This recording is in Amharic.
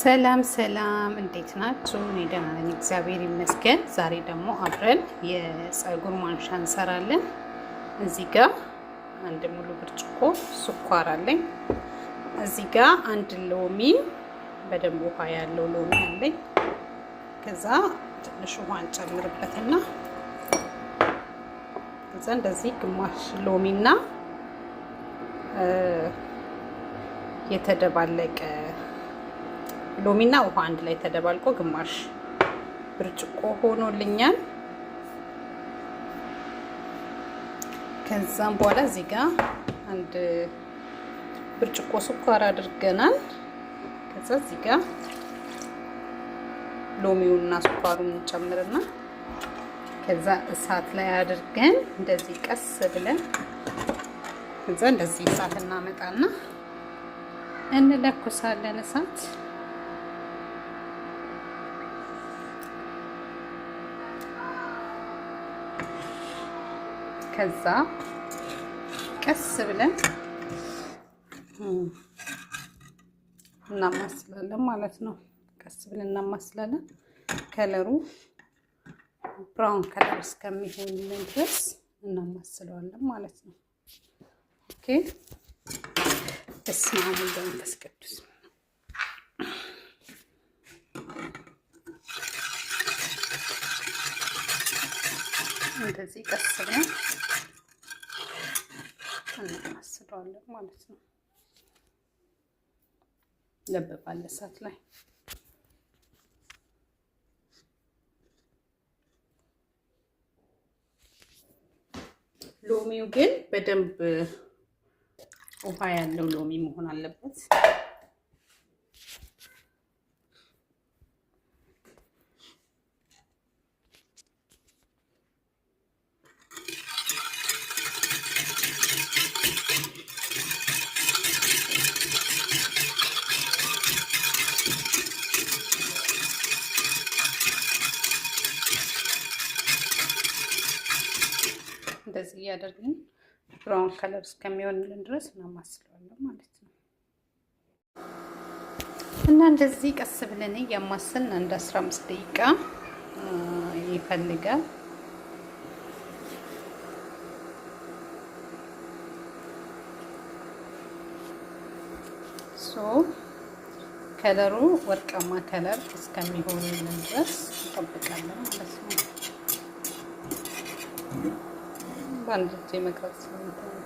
ሰላም ሰላም፣ እንዴት ናችሁ? እኔ ደህና ነኝ፣ እግዚአብሔር ይመስገን። ዛሬ ደግሞ አብረን የፀጉር ማንሻ እንሰራለን። እዚህ ጋር አንድ ሙሉ ብርጭቆ ስኳር አለኝ። እዚህ ጋር አንድ ሎሚ፣ በደንብ ውሃ ያለው ሎሚ አለኝ። ከዛ ትንሽ ውሃ እንጨምርበትና ከዛ እንደዚህ ግማሽ ሎሚና የተደባለቀ ሎሚና ውሃ አንድ ላይ ተደባልቆ ግማሽ ብርጭቆ ሆኖልኛል። ከዛም በኋላ እዚህ ጋር አንድ ብርጭቆ ስኳር አድርገናል። ከዛ እዚህ ጋር ሎሚውና ስኳሩን እንጨምርና ከዛ እሳት ላይ አድርገን እንደዚህ ቀስ ብለን ከዛ እንደዚህ እሳት እናመጣና እንለኩሳለን እሳት ከዛ ቀስ ብለን እናማስላለን ማለት ነው። ቀስ ብለን እናማስላለን። ከለሩ ብራውን ከለር እስከሚሆንልን ድረስ እናማስለዋለን ማለት ነው። ኦኬ። በስመ አብ ወወልድ ወመንፈስ ቅዱስ እንደዚህ ቀስ ብለን እናስለዋለን ማለት ነው። ለብ ባለ እሳት ላይ ሎሚው ግን በደንብ ውሃ ያለው ሎሚ መሆን አለበት። እያደረግን ብራውን ከለር እስከሚሆንልን ድረስ እናማስለዋለን ማለት ነው። እና እንደዚህ ቀስ ብለን እያማሰልን አንድ አስራ አምስት ደቂቃ ይፈልጋል። ሶ ከለሩ ወርቃማ ከለር እስከሚሆንልን ድረስ እንጠብቃለን ማለት ነው። በአንድ እጄ መቅረጽ ስለምፈልግ